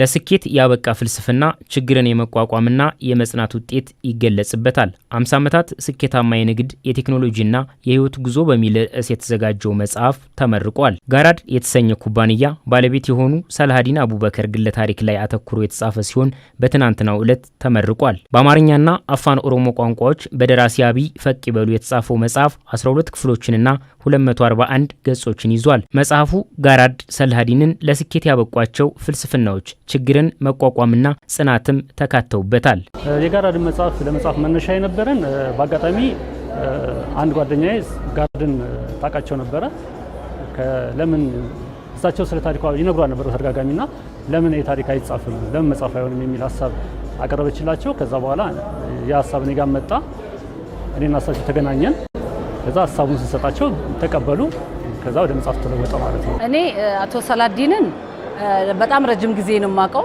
ለስኬት ያበቃ ፍልስፍና ችግርን የመቋቋምና የመጽናት ውጤት ይገለጽበታል። አምሳ ዓመታት ስኬታማ የንግድ የቴክኖሎጂና የህይወት ጉዞ በሚል ርዕስ የተዘጋጀው መጽሐፍ ተመርቋል። ጋራድ የተሰኘ ኩባንያ ባለቤት የሆኑ ሰላሀዲን አቡበከር ግለ ታሪክ ላይ አተኩሮ የተጻፈ ሲሆን በትናንትናው ዕለት ተመርቋል። በአማርኛና አፋን ኦሮሞ ቋንቋዎች በደራሲ አብይ ፈቅ ይበሉ የተጻፈው መጽሐፍ 12 ክፍሎችንና 241 ገጾችን ይዟል። መጽሐፉ ጋራድ ሰልሃዲንን ለስኬት ያበቋቸው ፍልስፍናዎች ችግርን መቋቋምና ጽናትም ተካተውበታል። የጋራ ድን መጽሐፍ ለመጽሐፍ መነሻ የነበረን በአጋጣሚ አንድ ጓደኛዬ ጋርድን ታውቃቸው ነበረ። ለምን እሳቸው ስለ ታሪኳ ይነግሯል ነበር ና ለምን የታሪክ አይጻፍም ለምን መጽሐፍ አይሆንም የሚል ሀሳብ አቀረበችላቸው። ከዛ በኋላ የሀሳብ እኔ ጋር መጣ። እኔና እሳቸው ተገናኘን። ከዛ ሀሳቡን ስንሰጣቸው ተቀበሉ። ከዛ ወደ መጽሐፍ ተለወጠ ማለት ነው። እኔ አቶ ሰላዲንን በጣም ረጅም ጊዜ ነው የማውቀው።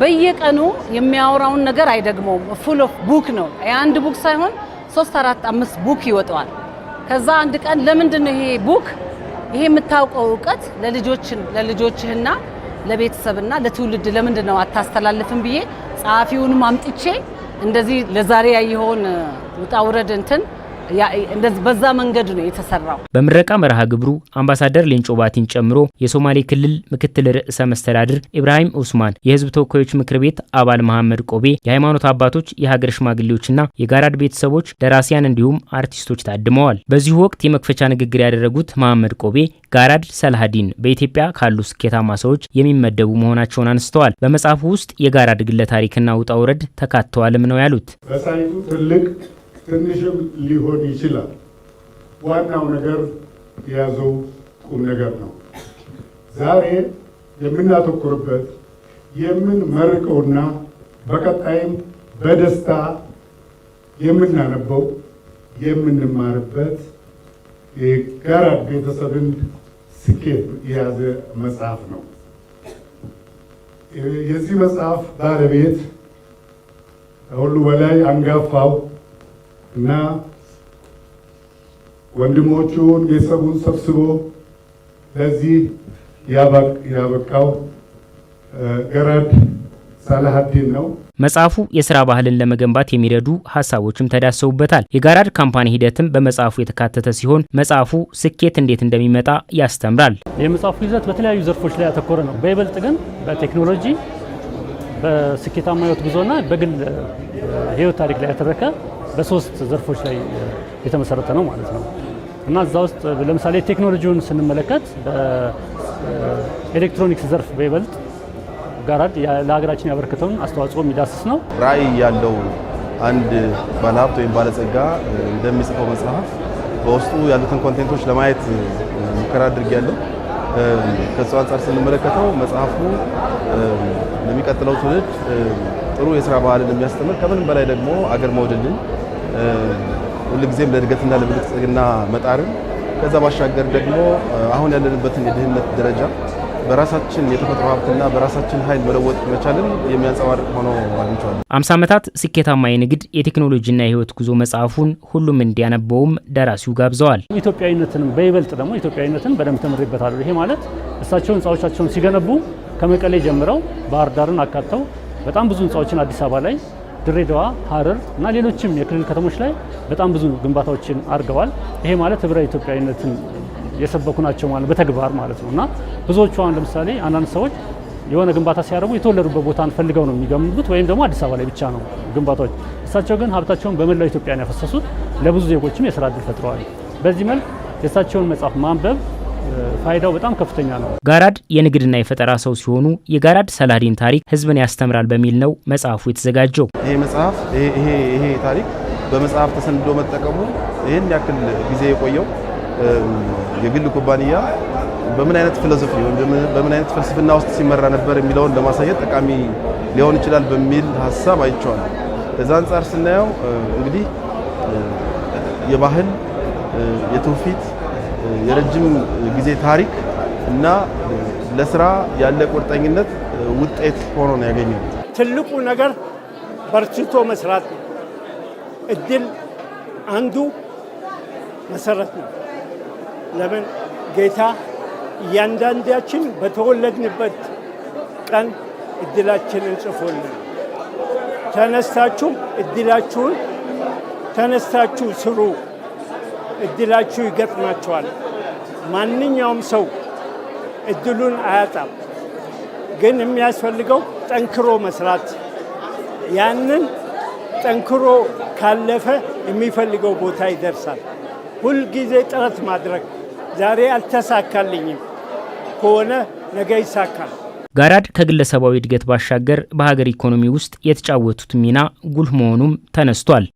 በየቀኑ የሚያወራውን ነገር አይደግመውም። ፉል ኦፍ ቡክ ነው። የአንድ ቡክ ሳይሆን ሶስት፣ አራት፣ አምስት ቡክ ይወጣዋል። ከዛ አንድ ቀን ለምንድን ነው ይሄ ቡክ ይሄ የምታውቀው እውቀት ለልጆችን ለልጆችህና ለቤተሰብና ለትውልድ ለምንድን ነው አታስተላልፍም ብዬ ጸሐፊውንም አምጥቼ እንደዚህ ለዛሬ ያየኸውን ውጣውረድ ውረድ እንትን በዛ መንገድ ነው የተሰራው። በምረቃ መርሃ ግብሩ አምባሳደር ሌንጮ ባቲን ጨምሮ የሶማሌ ክልል ምክትል ርዕሰ መስተዳድር ኢብራሂም ኡስማን፣ የህዝብ ተወካዮች ምክር ቤት አባል መሐመድ ቆቤ፣ የሃይማኖት አባቶች፣ የሀገር ሽማግሌዎችና የጋራድ ቤተሰቦች ደራሲያን እንዲሁም አርቲስቶች ታድመዋል። በዚሁ ወቅት የመክፈቻ ንግግር ያደረጉት መሐመድ ቆቤ ጋራድ ሰልሃዲን በኢትዮጵያ ካሉ ስኬታማ ሰዎች የሚመደቡ መሆናቸውን አንስተዋል። በመጽሐፉ ውስጥ የጋራድ ግለ ታሪክና ውጣ ውረድ ተካተዋልም ነው ያሉት። ትልቅ ትንሽም ሊሆን ይችላል። ዋናው ነገር የያዘው ቁም ነገር ነው። ዛሬ የምናተኩርበት የምንመርቀውና በቀጣይም በደስታ የምናነበው የምንማርበት የጋራ ቤተሰብን ስኬት የያዘ መጽሐፍ ነው። የዚህ መጽሐፍ ባለቤት ከሁሉ በላይ አንጋፋው እና ወንድሞቹን ቤተሰቡን ሰብስቦ ለዚህ ያበቃው ገረድ ሳላሀዲን ነው። መጽሐፉ የስራ ባህልን ለመገንባት የሚረዱ ሀሳቦችም ተዳሰውበታል። የጋራድ ካምፓኒ ሂደትም በመጽሐፉ የተካተተ ሲሆን መጽሐፉ ስኬት እንዴት እንደሚመጣ ያስተምራል። የመጽሐፉ ይዘት በተለያዩ ዘርፎች ላይ ያተኮረ ነው። በይበልጥ ግን በቴክኖሎጂ በስኬታማ ህይወት ጉዞና በግል ህይወት ታሪክ ላይ ያተረከ በሶስት ዘርፎች ላይ የተመሰረተ ነው ማለት ነው እና እዛ ውስጥ ለምሳሌ ቴክኖሎጂውን ስንመለከት በኤሌክትሮኒክስ ዘርፍ በይበልጥ ጋራድ ለሀገራችን ያበረከተውን አስተዋጽኦ የሚዳስስ ነው። ራዕይ ያለው አንድ ባለሀብት ወይም ባለጸጋ እንደሚጽፈው መጽሐፍ በውስጡ ያሉትን ኮንቴንቶች ለማየት ሙከራ አድርጌያለሁ። ከሱ አንጻር ስንመለከተው መጽሐፉ ለሚቀጥለው ትውልድ ጥሩ የስራ ባህልን የሚያስተምር ከምንም በላይ ደግሞ አገር መውደድን ሁልጊዜም ለእድገትና ለብልጽግና መጣርን ከዛ ባሻገር ደግሞ አሁን ያለንበትን የድህነት ደረጃ በራሳችን የተፈጥሮ ሀብትና በራሳችን ኃይል መለወጥ መቻልን የሚያንጸባርቅ ሆኖ አግኝቼዋለሁ። አምሳ ዓመታት ስኬታማ የንግድ የቴክኖሎጂና የህይወት ጉዞ መጽሐፉን ሁሉም እንዲያነበውም ደራሲው ጋብዘዋል። ኢትዮጵያዊነትንም በይበልጥ ደግሞ ኢትዮጵያዊነትን በደንብ ተምሬበታለሁ። ይሄ ማለት እሳቸው ህንፃዎቻቸውን ሲገነቡ ከመቀሌ ጀምረው ባህር ዳርን አካተው በጣም ብዙ ህንፃዎችን አዲስ አበባ ላይ ድሬዳዋ፣ ሀረር እና ሌሎችም የክልል ከተሞች ላይ በጣም ብዙ ግንባታዎችን አድርገዋል። ይሄ ማለት ህብረ ኢትዮጵያዊነትን የሰበኩ ናቸው ማለት በተግባር ማለት ነው እና ብዙዎቹ አሁን ለምሳሌ አንዳንድ ሰዎች የሆነ ግንባታ ሲያደርጉ የተወለዱበት ቦታን ፈልገው ነው የሚገምቱት፣ ወይም ደግሞ አዲስ አበባ ላይ ብቻ ነው ግንባታዎች። እሳቸው ግን ሀብታቸውን በመላው ኢትዮጵያን ያፈሰሱት፣ ለብዙ ዜጎችም የስራ እድል ፈጥረዋል። በዚህ መልክ የእሳቸውን መጽሐፍ ማንበብ ፋይዳው በጣም ከፍተኛ ነው። ጋራድ የንግድና የፈጠራ ሰው ሲሆኑ የጋራድ ሰላዲን ታሪክ ህዝብን ያስተምራል በሚል ነው መጽሐፉ የተዘጋጀው። ይሄ መጽሐፍ ይሄ ታሪክ በመጽሐፍ ተሰንዶ መጠቀሙ ይህን ያክል ጊዜ የቆየው የግል ኩባንያ በምን አይነት ፊሎሶፊ ወይም በምን አይነት ፍልስፍና ውስጥ ሲመራ ነበር የሚለውን ለማሳየት ጠቃሚ ሊሆን ይችላል በሚል ሀሳብ አይቼዋለሁ። ከዛ አንጻር ስናየው እንግዲህ የባህል የትውፊት የረጅም ጊዜ ታሪክ እና ለስራ ያለ ቁርጠኝነት ውጤት ሆኖ ነው ያገኘው። ትልቁ ነገር በርትቶ መስራት ነው። እድል አንዱ መሰረት ነው። ለምን ጌታ እያንዳንዳችን በተወለድንበት ቀን እድላችንን ጽፎልን ተነስታችሁ እድላችሁን ተነስታችሁ ስሩ እድላችሁ ይገጥማቸዋል። ማንኛውም ሰው እድሉን አያጣም። ግን የሚያስፈልገው ጠንክሮ መስራት፣ ያንን ጠንክሮ ካለፈ የሚፈልገው ቦታ ይደርሳል። ሁልጊዜ ጥረት ማድረግ ዛሬ አልተሳካልኝም ከሆነ ነገ ይሳካል። ጋራድ ከግለሰባዊ እድገት ባሻገር በሀገር ኢኮኖሚ ውስጥ የተጫወቱት ሚና ጉልህ መሆኑም ተነስቷል።